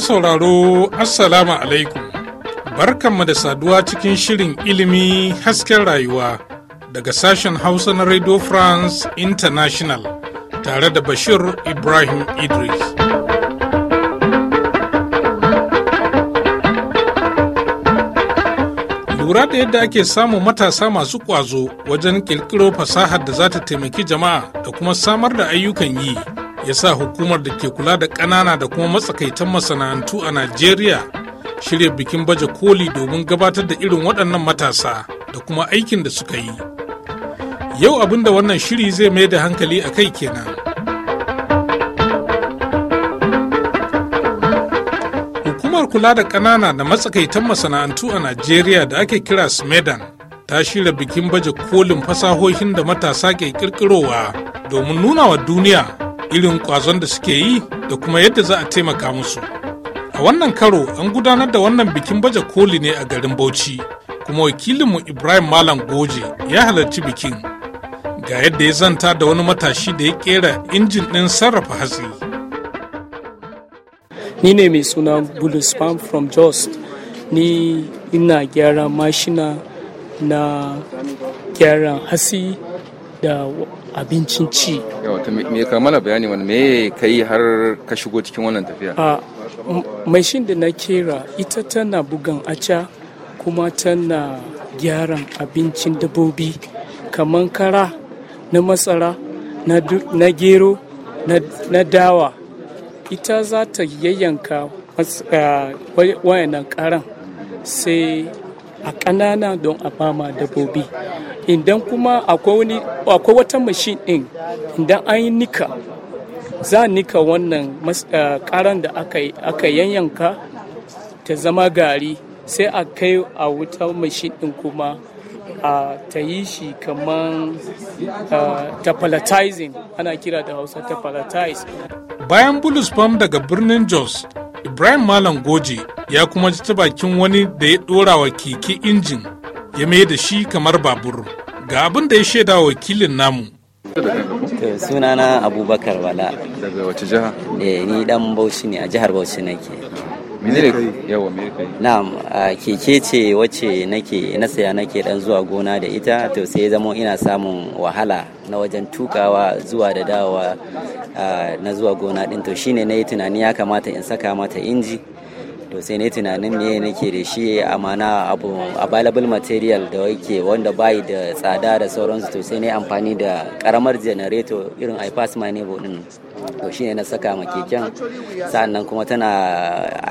sauraro Assalamu alaikum. Barkanmu da saduwa cikin shirin ilimi hasken rayuwa daga sashen Hausa na Radio France International tare da Bashir Ibrahim Idris. Lura da yadda ake samun matasa masu ƙwazo wajen ƙirƙiro fasahar da za ta taimaki jama'a da kuma samar da ayyukan yi. ya sa hukumar da ke kula da ƙanana da kuma matsakaitan masana'antu a najeriya shirya bikin baje koli domin gabatar da irin waɗannan matasa da kuma aikin da suka yi yau abin da wannan shiri zai mai da hankali a kai kenan hukumar kula da ƙanana da matsakaitan masana'antu a najeriya da ake kira smedan ta shirya bikin baje kolin fasahohin da matasa ke kirkirowa domin nuna wa duniya irin kwazon da suke yi da kuma yadda za a taimaka musu a wannan karo an gudanar da wannan bikin baje koli ne a garin bauchi kuma wakilinmu ibrahim malam goje ya halarci bikin ga yadda ya zanta da wani matashi da ya kera injin ɗin sarrafa hatsi ni ne mai suna bulus farm from just ni ina gyara mashina na gyaran hatsi da abincin ci. Yawata me ka mana bayani wani me ka yi har ka shigo cikin wannan tafiya? A mashin da na kera ita tana bugan aca kuma tana gyaran abincin dabobi kamar kara na masara na gero na dawa ita za ta yayyanka wayannan karan sai a ƙanana don a bama dabobi idan kuma akwai wata mashin ɗin idan an yi nika za a nika wannan karan eh, da aka yanyanka ta zama gari sai a kai a wuta mashin din kuma a ta yi shi kamar eh, ta palatizing ana kira da hausa ta palatize bayan bulus fam daga birnin jos ibrahim malam goji ya kuma ji ta bakin wani da ya dora wa keke injin ya mai da shi kamar babur ga abin da ya shaida wakilin namu to sunana abubakar wala daga wace jiha eh ni dan bauchi ne a jihar bauchi nake yawa na'am keke ce wace nake na saya nake dan zuwa gona da ita to sai zamo ina samun wahala na wajen tukawa zuwa da dawowa na zuwa gona din to shine na yi tunani ya kamata in saka mata inji to sai ne tunanin me nake da shi a mana abu available material da yake wanda bayi da tsada da sauransu to sai ne amfani da karamar generator irin ipass neighbor din to shine na saka ma keken sa'annan kuma tana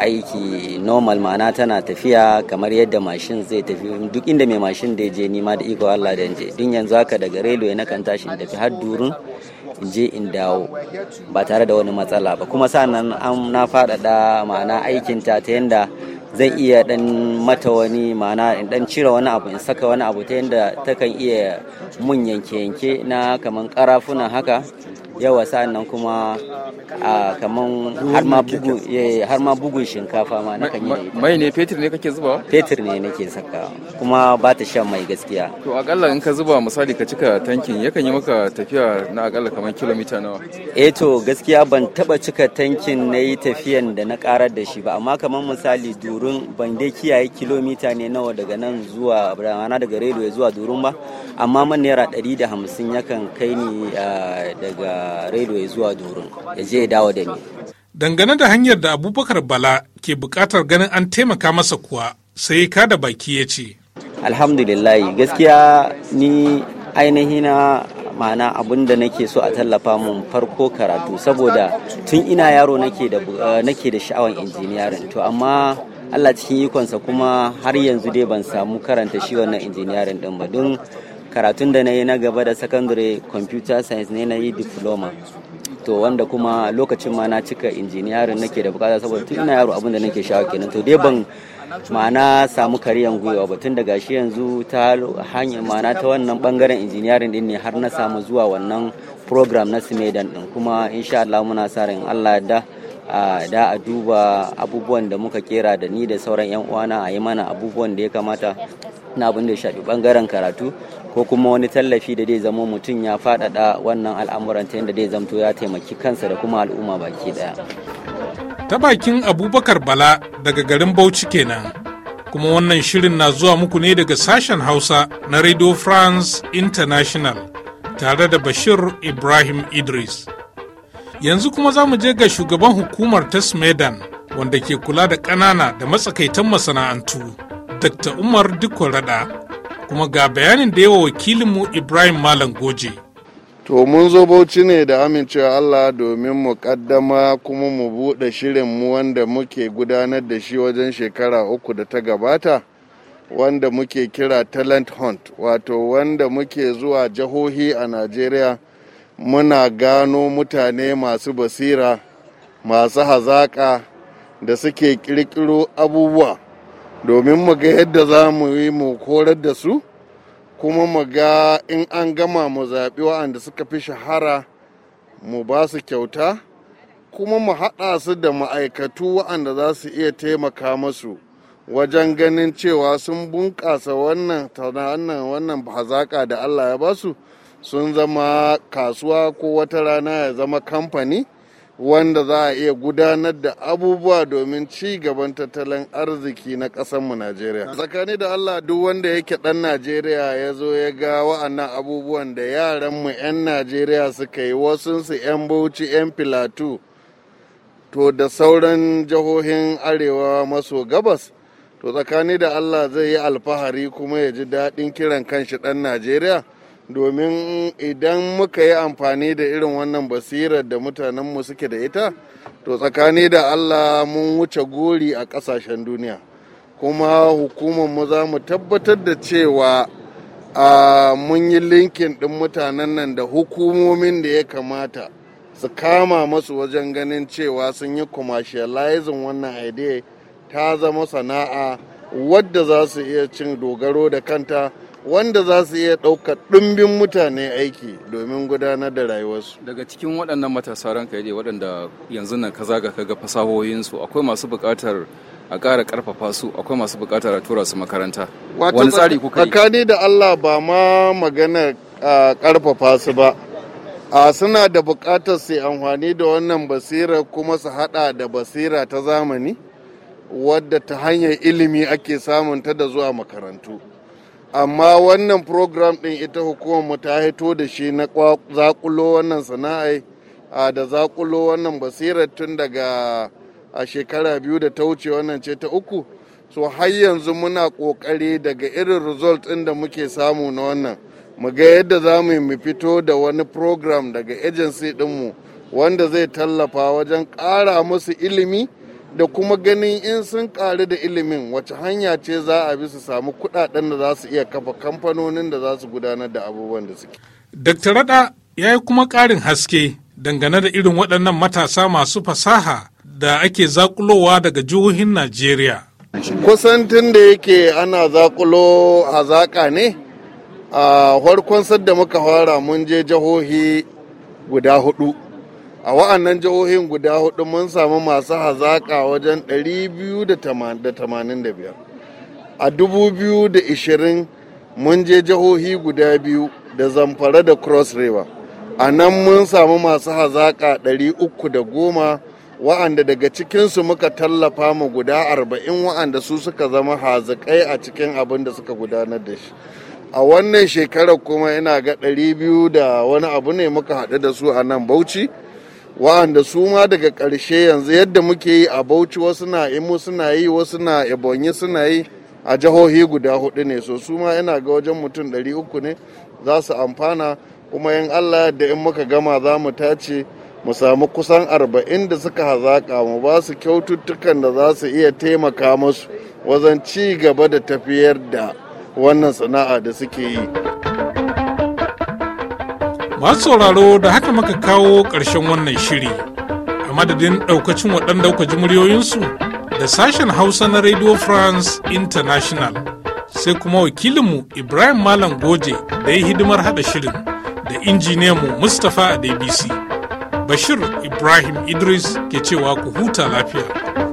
aiki normal mana tana tafiya kamar yadda mashin zai tafi duk inda mai mashin da je nima da iko Allah da je din yanzu haka daga railway na kan tashi tafi har durun in je in dawo ba tare da wani matsala ba kuma sannan an na faɗaɗa ma'ana aikinta ta yadda zan iya dan mata wani ma'ana in dan cire wani abu in saka wani abu ta yadda kan iya mun yanke-yanke na kaman karafuna haka yawa sa'an nan kuma a kaman har ma bugun eh, har ma bugun shinkafa ma nakan yi mai ne fetur ne kake zubawa fetur ne nake saka kuma ba ta shan mai gaskiya to akalla in ka zuba misali ka cika tankin yakan yi maka tafiya na akalla kaman kilomita nawa eh to gaskiya ban taba cika tankin na yi tafiyan da na karar da shi ba amma kaman misali durin ban dai kiyaye kilomita ne nawa daga nan zuwa rana daga rediyo zuwa durin ba amma man naira 150 yakan kai ni daga rediyo ya zuwa durun ya je ya dawo da ni dangane da hanyar da abubakar bala ke bukatar ganin an taimaka masa kuwa sai ka da baki ya ce alhamdulillah gaskiya ni ainihin na ma'ana abin da nake so a tallafa mun farko karatu saboda tun ina yaro nake da eh, nake da sha'awan injiniyarin to amma Allah cikin ikonsa kuma har yanzu dai ban samu karanta shi wannan injiniyarin din ba don karatun da na yi na gaba da secondary computer science ne na yi diploma to wanda kuma lokacin ma na cika injiniyarin nake da bukata saboda tun ina yaro abin da nake shawo kenan to dai ban ma'ana samu kariyan gwiwa ba tun daga shi yanzu ta hanyar ma'ana ta wannan bangaren injiniyarin din ne har na samu zuwa wannan program na simedan din kuma insha Allah muna sa ran Allah da da a duba abubuwan da muka kera da ni da sauran yan uwana a yi mana abubuwan da ya kamata na abin da ya shafi bangaren karatu ko kuma wani tallafi da zai zama mutum ya faɗaɗa wannan al'amuran ta yadda zai zamto ya taimaki kansa da kuma al'umma baki ɗaya. Ta bakin Abubakar Bala daga garin Bauchi kenan. Kuma wannan shirin na zuwa muku ne daga sashen Hausa na Radio France International tare da Bashir Ibrahim Idris. Yanzu kuma za mu je ga shugaban hukumar Tasmedan wanda ke kula da ƙanana da matsakaitan masana'antu. Dr. Umar Dikko Rada kuma ga bayanin da yawa wakilinmu Ibrahim Malam Goje. To mun zo bauchi ne da amincewa Allah domin mu kaddama kuma mu buɗe shirin mu wanda muke gudanar da shi wajen shekara uku da ta gabata wanda muke kira talent hunt wato wanda muke zuwa jihohi a Najeriya muna gano mutane masu basira masu hazaka da suke ƙirƙiro abubuwa domin mu ga yadda za mu yi mu korar da su kuma mu ga in an gama mu zaɓi wa'anda suka fi shahara mu ba su kyauta kuma mu haɗa su da ma'aikatu waɗanda za su iya taimaka masu wajen ganin cewa sun bunƙasa wannan wannan wannan hazaƙa da allah ya ba su sun zama kasuwa ko wata rana ya zama kamfani wanda za a iya gudanar da abubuwa domin ci gaban tattalin arziki na mu Najeriya. Tsakani da Allah duk wanda yake ɗan Najeriya ya zo ya ga wa'annan abubuwan da yaranmu 'yan Najeriya suka yi wasunsu 'yan Bauchi 'yan Filatu to da sauran jihohin Arewa maso gabas to tsakani da Allah zai yi alfahari kuma ya ji daɗin kiran kanshi ɗan Najeriya. domin idan muka yi amfani da irin wannan basirar da mutanenmu suke da ita to tsakani da allah mun wuce gori a ƙasashen duniya kuma mu za mu tabbatar da cewa a mun yi linkin ɗin mutanen nan da hukumomin da ya kamata su kama masu wajen ganin cewa sun yi commercializing wannan idea ta zama sana'a wadda za su iya cin dogaro da kanta wanda za su iya ɗaukar ɗumbin mutane aiki domin gudanar da rayuwarsu. Daga cikin waɗannan matasa ranka yaje waɗanda yanzu nan ka zaga ka ga fasahohinsu akwai masu buƙatar a ƙara ƙarfafa su akwai masu buƙatar a tura su makaranta. Wani tsari kuka yi? da Allah ba ma magana ƙarfafa su ba. A suna da buƙatar su amfani da wannan basira kuma su haɗa da basira ta zamani wadda ta hanyar ilimi ake samunta da zuwa makarantu. amma wannan program ɗin ita hukumar mu ta haito da shi na zakulo wannan sana'ai da zakulo wannan basira tun daga a shekara biyu da ta wuce wannan ce ta uku so har yanzu muna ƙoƙari daga irin result ɗin da muke samu na wannan mu ga yadda za mu mu fito da wani program daga agency mu wanda zai tallafa wajen ƙara musu ilimi da kuma ganin in sun ƙaru da ilimin wace hanya ce za a bi su samu kudaden da za su iya kafa kamfanonin da za su gudanar da abubuwan da suke. Dr. Rada ya yi kuma karin haske dangane da irin waɗannan matasa masu fasaha da ake zakulowa daga jihohin Najeriya. Kusan tun da yake ana zakulo hazaƙa ne, a farkon sadda muka fara mun je jihohi guda hudu. a wa'annan jihohin guda hudu mun samu masu hazaƙa wajen 285 a 2020 mun je jihohi guda biyu da zamfara da cross river a nan mun samu masu hazaƙa 310 wa'anda daga cikinsu muka tallafa mu guda 40 wa'anda su suka zama hazikai a cikin abin da suka gudanar da shi a wannan shekarar kuma yana ga 200 da wani abu ne muka haɗu da su a nan bauchi wa'anda su ma daga ƙarshe yanzu yadda muke yi a bauchi wasu na imu suna yi wasu na ebonyi suna yi a jihohi guda hudu ne so su ma yana ga wajen mutum 300 ne za su amfana kuma in allah da in muka gama za mu tace mu samu kusan 40 da suka hazaƙa mu ba su kyaututtukan da za su iya taimaka musu wajen ci gaba da tafiyar da wannan sana'a da suke yi. masu sauraro da haka muka kawo ƙarshen wannan shiri a madadin ɗaukacin waɗanda kuka ji muryoyinsu da sashen hausa na radio france international sai kuma wakilinmu ibrahim malam goje da ya hidimar haɗa shirin da injiniyanmu mustapha a dbc bashir ibrahim idris ke cewa ku huta lafiya